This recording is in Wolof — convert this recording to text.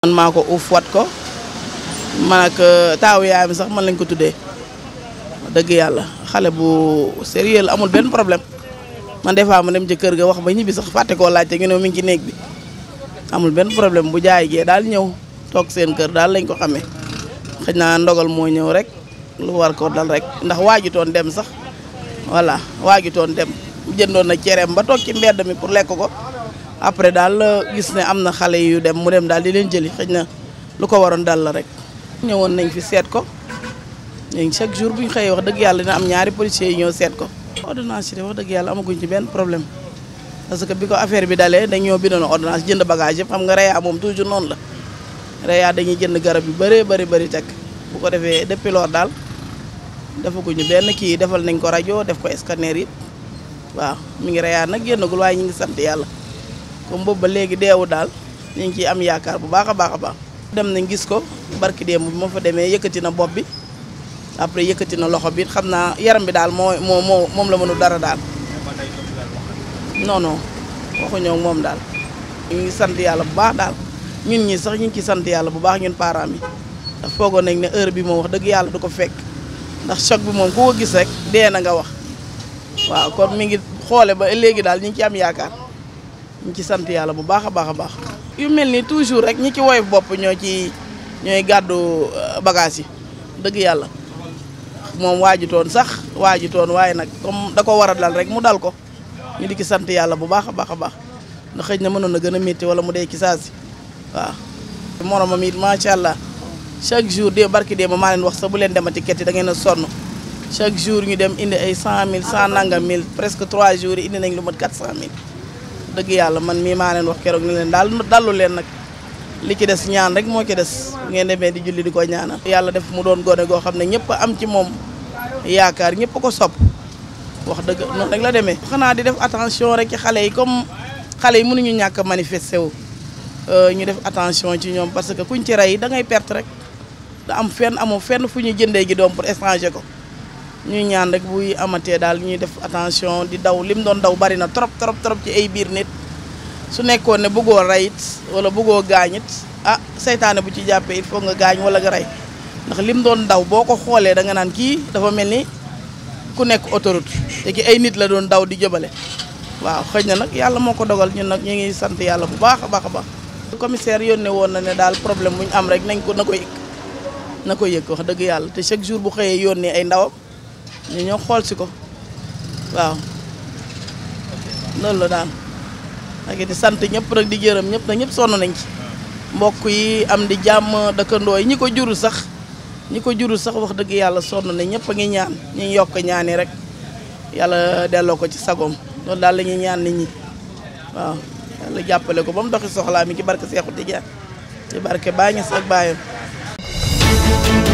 man maa ko uuf wat ko man ak euh, taaw yaayam sax man lañ ko tuddee dëgg yàlla xale bu sérieux la amul benn problème man des fois ma dem ci ga wax ba ñibbi sax fàtte koo laaj ñu ne mi ngi ci néeg bi amul benn problème bu jaay gee daal ñëw toog seen kër daal lañ ko xamee xëy naa ndogal moo ñëw rek lu war ko dal rek ndax waajutoon dem sax voilà waajutoon dem jëndoon na cereem ba toog ci mbedd mi pour lekk ko après daal euh, gis ne am na xale yu dem mu dem daal di leen jëli xëj na lu ko waroon dal la rek. ñëwoon nañ fi seet ko léegi chaque jour bu ñu xëyee wax dëgg yàlla dina am ñaari policiers yi ñëw seet ko. ordonnance wax dëgg yàlla amaguñ ci benn problème parce que bi ko affaire bi dalee dañoo bindoon ordonnance jënd bagage yëpp xam nga moom toujours noonu la reyaa dañuy jënd garab yu bëree bëri bëri teg bu ko defee depuis loolu daal ñu benn kii defal nañ ko rajo def ko scanner yi waaw mu ngi reyaa nag génnagul waaye ñu ngi sant yàlla. comme boobu ba léegi deewu daal ñu ngi ciy am yaakaar bu baax a baax a baax. dem nañ gis ko barki démb bi ma fa demee yëkkati na bopp bi après yëkkati na loxo bi xam naa yaram bi daal moo moo moom la mënul dara daal. noonoo non waxuñoo moom daal. ñu ngi sant yàlla bu baax daal ñun ñi sax ñu ngi sant yàlla bu baax ñun parents yi ndax foogoon nañ ne heure bi moom wax dëgg yàlla du ko fekk ndax choc bi moom ku ko gis rek dee na nga wax waaw kon mu ngi xoole ba léegi daal ñu ngi ci am yaakaar. ñu ci sant yàlla bu baax a baax a baax yu mel ni toujours rek ñi ci woyof bopp ñoo ci ñooy gàddu euh, bagage yi dëgg yàlla moom waajutoon sax waajutoon waaye nag comme dako ko war a dal rek mu dal ko ñu di ci sant yàlla bu baax a baax a baax ndax xëj na mënoon na gën a métti wala mu dee ci saa si waaw moromam it macha allah chaque jour de barki de ma maa leen wax sax bu leen demati ket a sonn chaque jour ñu dem indi ay cent mille cent nanga mille presque trois jours indi nañ lu mat quatre cent mille deug yalla man mi maa leen wax kérok ni len dal dalu len nak li ci dess ñaan rek mo ci dess ngeen demé di julli di ko ñaanal yalla def mu doon goné go xamné ñepp am ci mom yaakar ñepp ko sop wax deug non rek la demee xana di def attention rek ci xalé yi comme xalé yi mënu ñu ñak manifesté wu euh, ñu def attention ci ñom parce que kuñ ci ray da ngay perte rek da am fenn amo fenn fu ñuy gi doom pour étranger ko ñuy ñaan rek buy amatee daal ñuy def attention di daw lim doon daw bari na trop trop trop ci ay biir nit su nekkoon ne bëggoo rayit wala bëggoo gaañit ah seytaane bu ci jàppee il faut nga gaañ wala nga rey ndax lim doon daw boo ko xoolee da nga naan kii dafa mel ni ku nekk autoroute te ki ay nit la doon daw di jëbale waaw xëy na nag yàlla moo ko dogal ñun nag ñu ngi sant yàlla bu baax a baax a baax commissaire yónnee woon na ne daal problème bu ñu am rek nañ ko na ko na ko yëg wax dëgg yàlla te chaque jour bu xëyee yónnee ay ndawam ñu ñëw xool si ko waaw loolu la daal ak di sant ñëpp nag di jërëm ñëpp nag ñëpp sonn nañ ci mbokk yi am di jàmm dëkkandoo yi ñi ko jurul sax ñi ko jurul sax wax dëgg yàlla sonn nañ ñëpp a ngi ñaan ñu yokk ñaani rek yàlla delloo ko ci sagoom loolu daal lañuy ñaan nit ñi waaw yàlla jàppale ko ba mu doxi soxlaa mi ci barke Seexu Tijaan ci barke Baay Ñas ak baayam